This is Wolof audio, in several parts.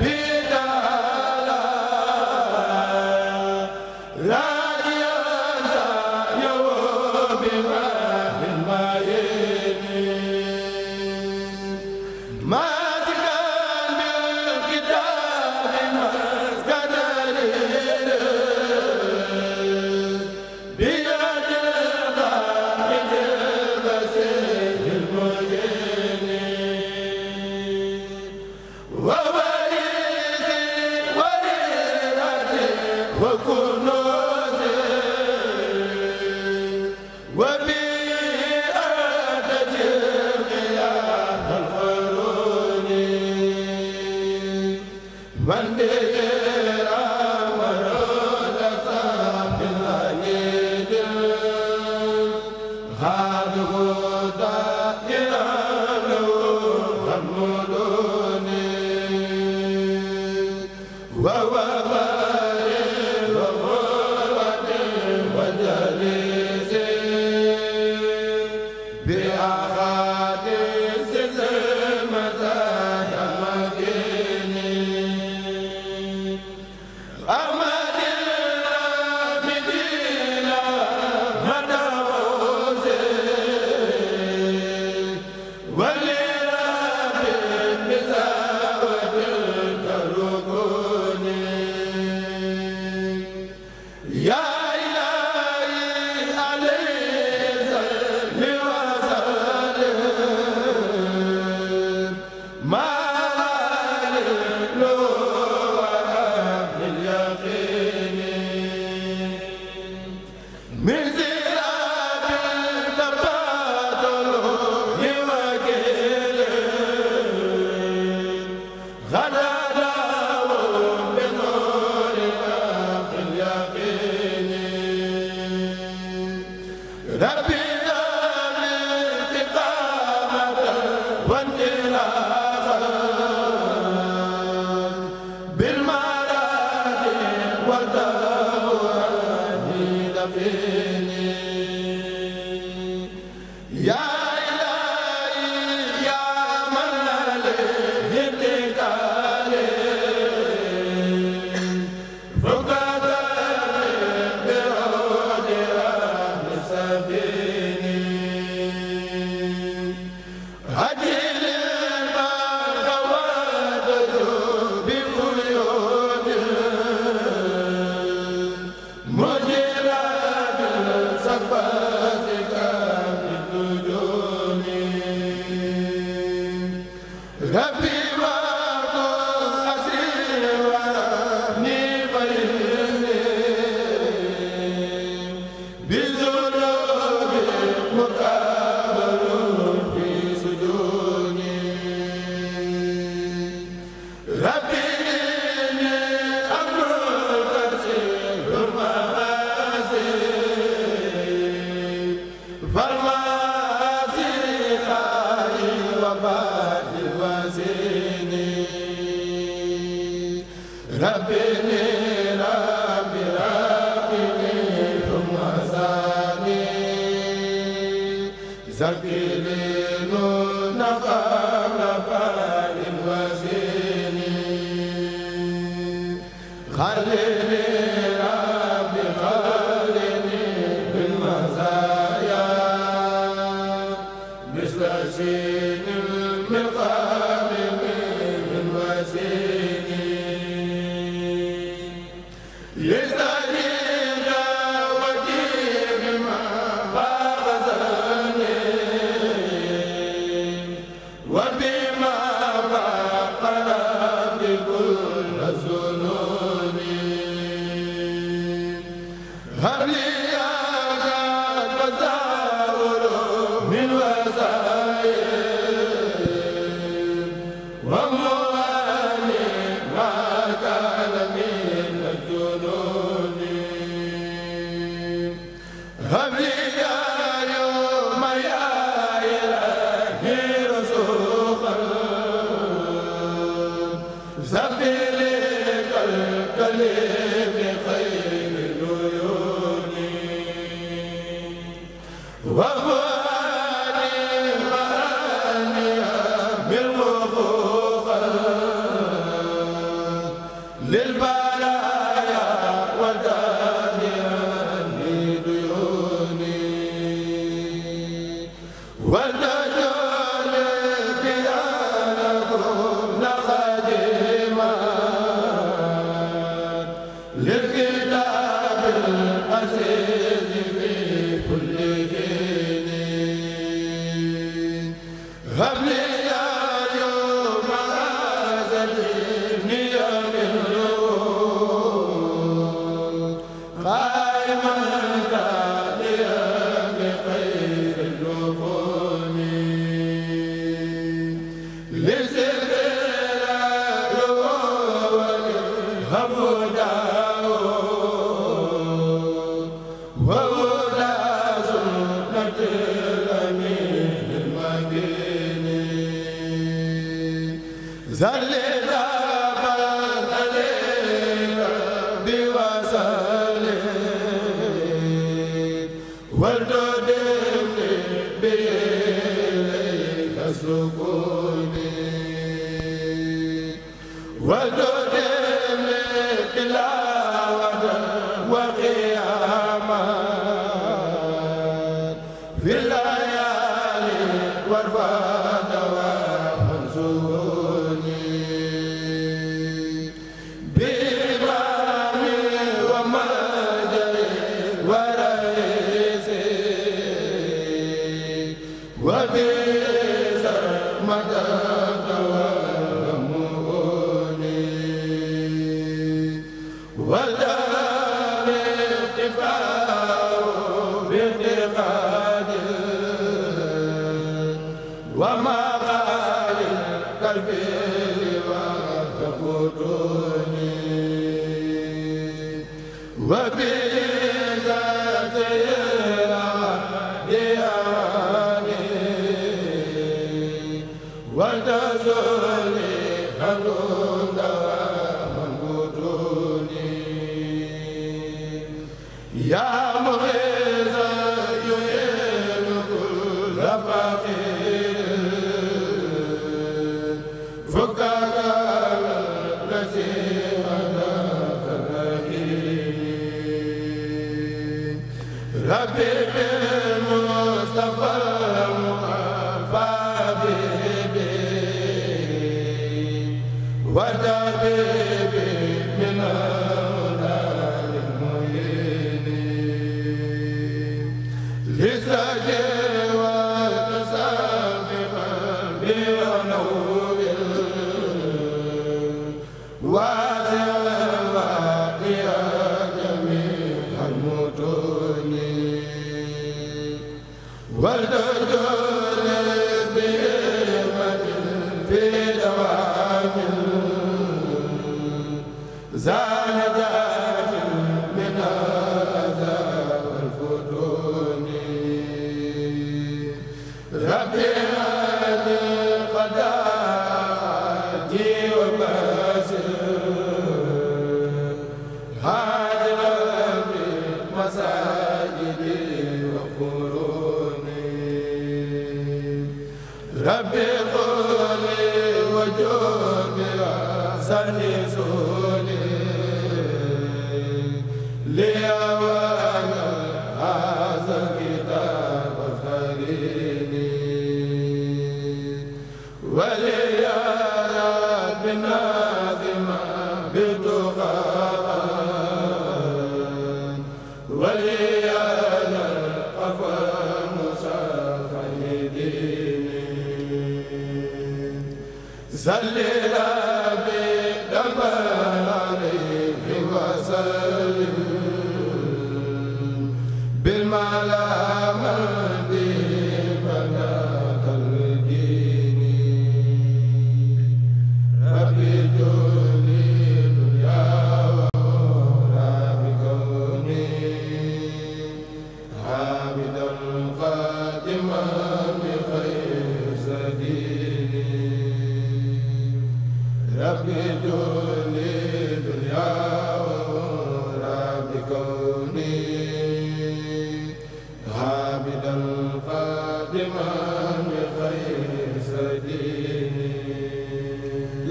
bi wa wal wa bi sa wa tazuli wa هذا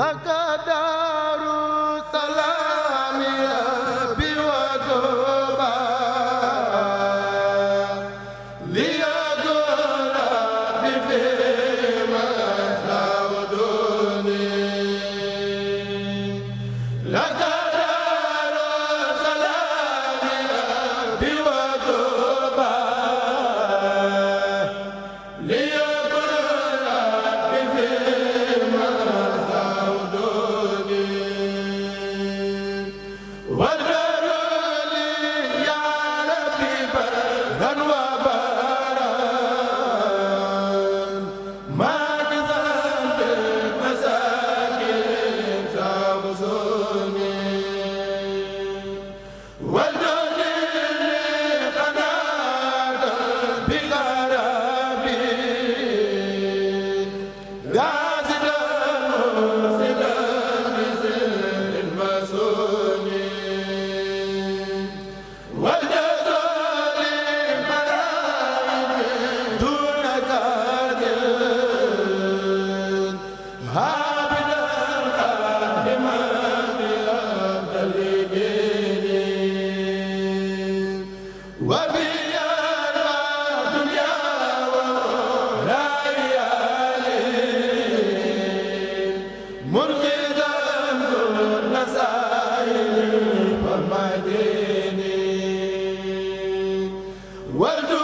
laka daaru salaam war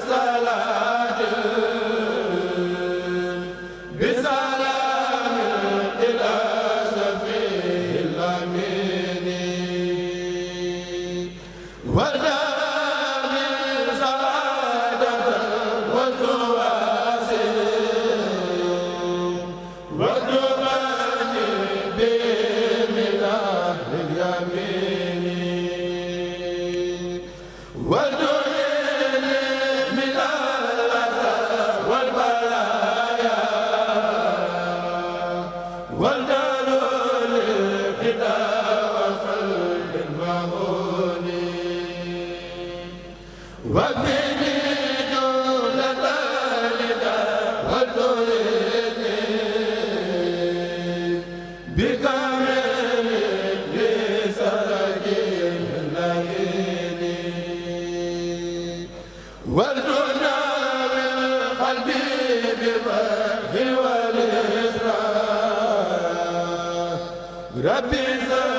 salaam rabbi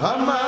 Hama